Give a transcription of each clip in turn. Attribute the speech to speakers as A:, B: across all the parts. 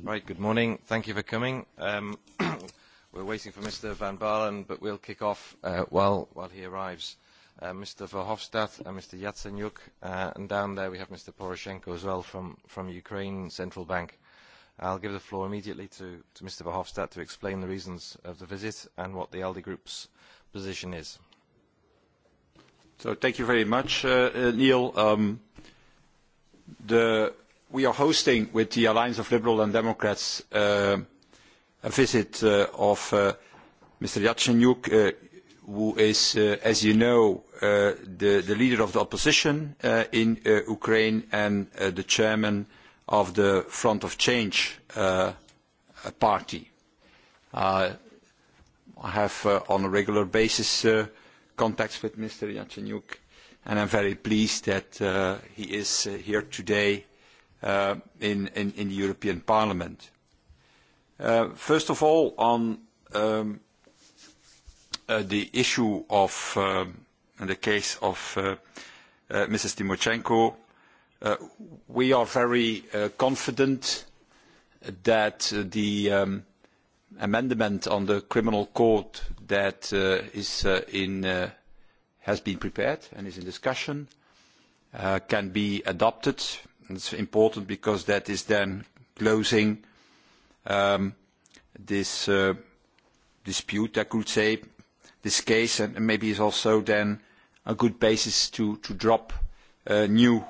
A: Right, good morning. Thank you for coming. Um, we're waiting for Mr. Van Balen, but we'll kick off
B: uh, while,
A: while he arrives. Uh, Mr. Verhofstadt and Mr. Yatsenyuk, uh, and down there we have Mr. Poroshenko as well from, from Ukraine Central Bank. I'll give the floor immediately to, to Mr. Verhofstadt to explain the reasons of the visit and what the ALDE Group's position is.
C: So thank you very much, uh, uh Neil. Um, the we are hosting with the Alliance of Liberals and Democrats uh, a visit uh, of uh, Mr. Yatsenyuk, who is, as you know, the, leader of the opposition in Ukraine and the chairman of the Front of Change party. I have on a regular basis contacts with Mr. Yatsenyuk, and I'm very pleased that he is here today Uh, in, the European Parliament. Uh, first of all, on um, uh, the issue of, um, the case of Mrs. Tymoshenko, we are very confident that the um, amendment on the criminal code that is in has been prepared and is in discussion can be adopted It's important because that is then closing um, this uh, dispute, I could say, this case, and maybe is also then a good basis to, drop uh, new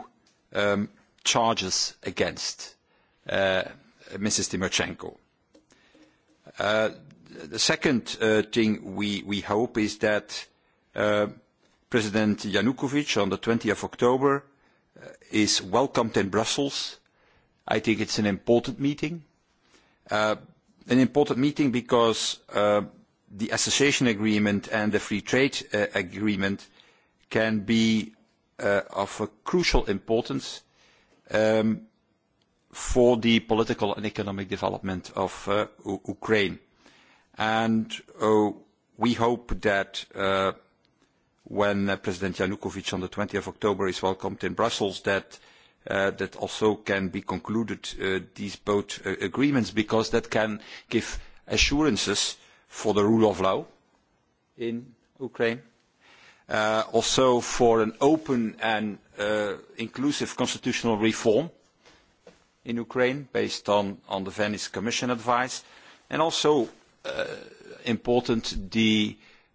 C: um, charges against uh, Mrs. Tymoshenko. the second thing we, hope is that President Yanukovych on the 20th of October Uh, is welcomed in Brussels. I think it's an important meeting. Uh, an important meeting because uh, the association agreement and the free trade agreement can be of a crucial importance um, for the political and economic development of Ukraine. And we hope that uh, when uh, President Yanukovych on the 20th of October is welcomed in Brussels that uh, that also can be concluded uh, these both uh, agreements because that can give assurances for the rule of law in Ukraine, uh, also for an open and uh, inclusive constitutional reform in Ukraine based on, on the Venice Commission advice, and also uh, important the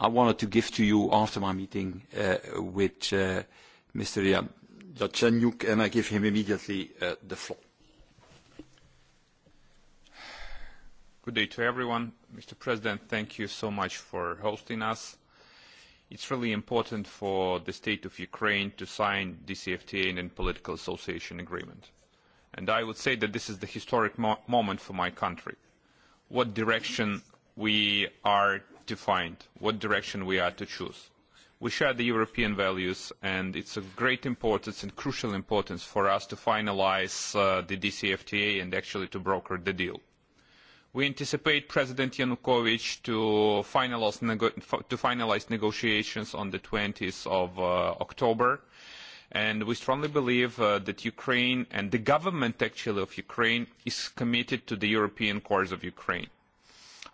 C: I wanted to give to you after my meeting uh, with uh, Mr.
A: Yatsenyuk, and I give him immediately uh, the floor. Good day to everyone. Mr. President, thank you so much for hosting us. It's really important for the state of Ukraine to sign DCFTA and political association agreement. I would say that this is the historic moment for my country. What direction we are defined what direction we are to choose. We share the European values, and it's of great importance and crucial importance for us to finalize uh, the DCFTA and actually to broker the deal. We anticipate President Yanukovych to finalize, nego to finalize negotiations on the 20th of uh, October, and we strongly believe uh, that Ukraine and the government actually of Ukraine is committed to the European course of Ukraine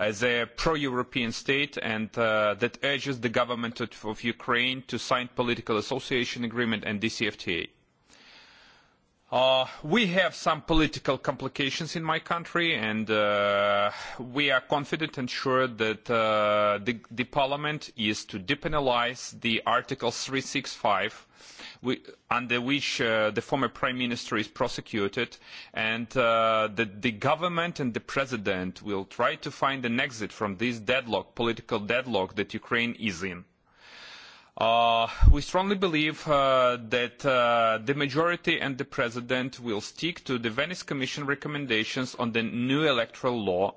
A: as a pro-European state and uh, that urges the government of, of Ukraine to sign political association agreement and DCFTA. Uh, we have some political complications in my country, and uh, we are confident and sure that uh, the, parliament is to depenalize the Article 365, we, under which the former prime minister is prosecuted, and that the government and the president will try to find an exit from this deadlock, political deadlock that Ukraine is in. Uh, we strongly believe uh, that uh, the majority and the president will stick to the Venice Commission recommendations on the new electoral law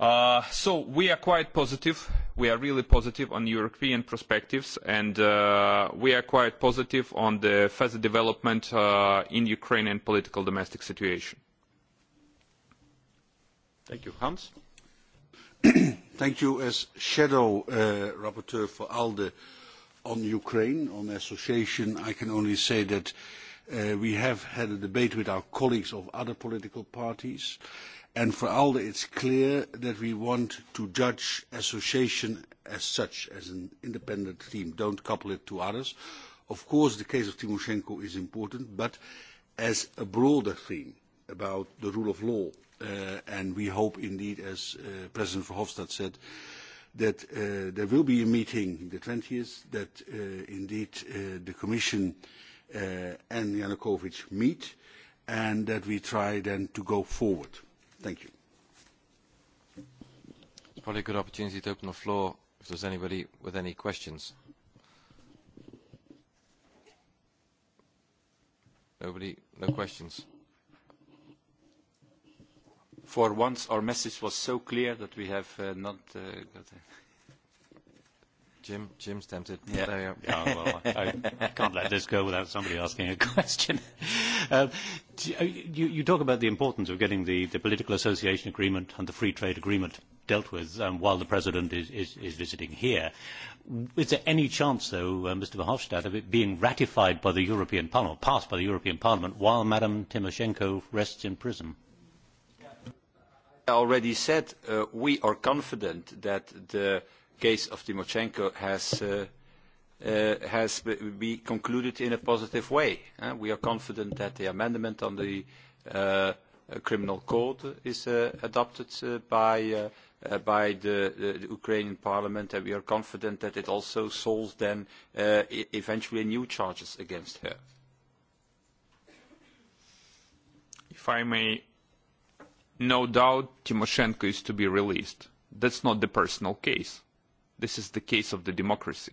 A: Uh, so we are quite positive. We are really positive on European perspectives, and uh, we are quite positive on the further development uh, in in Ukrainian political domestic situation.
C: Thank you. Hans?
B: Thank you. As shadow rapporteur for ALDE on Ukraine, on association, I can only say that we have had a debate with our colleagues of other political parties. Uh, And for ALDE, it's clear that we want to judge association as such, as an independent team. Don't couple it to others. Of course, the case of Timoshenko is important, but as a broader theme about the rule of law, uh, and we hope indeed, as uh, President Verhofstadt said, that uh, there will be a meeting the 20th, that uh, indeed uh, the Commission uh, and Yanukovych meet, and that we try then to go forward. Thank you.
A: It's probably a good opportunity to open the floor if there's anybody with any questions. Nobody? No questions?
C: For once, our message was so clear that we have uh, not uh,
A: got
B: Jim, Jim's tempted. Yeah. There you are. Yeah, well, I, I can't let this go without somebody asking a question. Um, uh, you, you talk about
C: the importance of getting the, the political association agreement and the free trade agreement dealt with um, while the president is, is, is visiting here. Is there any chance, though, uh, Mr. Verhofstadt, of it being ratified by the European Parliament, passed by the European Parliament, while Madam Tymoshenko rests in prison? I already said uh, we are confident that the case of Tymoshenko has uh, Uh, has been concluded in a positive way. Uh, we are confident that the amendment on the uh, criminal code is adopted by, the Ukrainian parliament, and we are confident that it also solves then e, eventually new
A: charges against her. If I may, no doubt Tymoshenko is to be released. That's not the personal case. This is the case of the democracy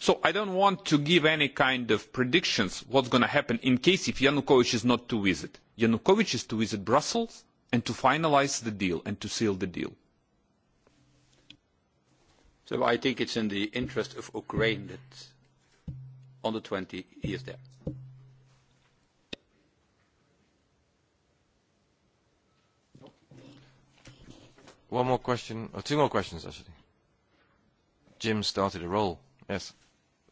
A: So I not want to give any kind of predictions about what is going to happen in case Yanukovych is not to visit. Yanukovych is to visit Brussels and to finalise the deal and to seal the deal.
C: So I think it is in the interest of Ukraine that on the 20 he is there.
A: One more question, or two more questions actually. Jim started a roll. Yes.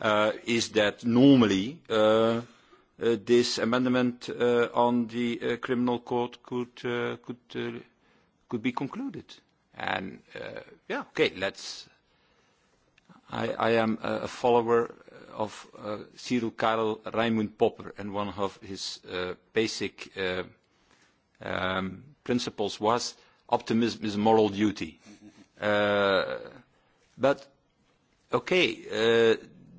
C: Uh, is that normally uh, uh, this amendment on the criminal code could could could be concluded. And yeah, okay, let's. I, am a follower of Cyril Karel Raimund Popper, and one of his basic um, principles was optimism is moral duty. but okay,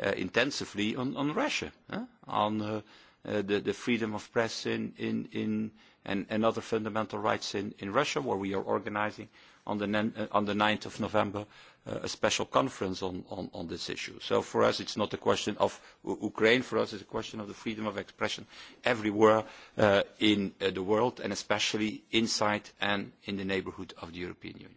C: uh, intensively on, on Russia, eh? on uh, uh, the, the freedom of press in, in, in, and, and other fundamental rights in, in Russia, where we are organizing on the, uh, on the 9th of November uh, a special conference on, on, on this issue. So for us, it's not a question of U Ukraine. For us, it's a question of the freedom of expression everywhere uh, in uh, the world,
A: and especially inside and in the neighborhood of the European Union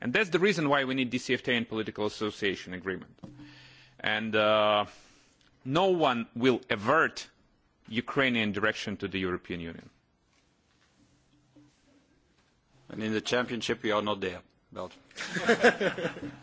A: And that's the reason why we need DCFTA and political association agreement. And uh, no one will avert Ukrainian direction to the European Union. And in the championship, we are not there, Belgium.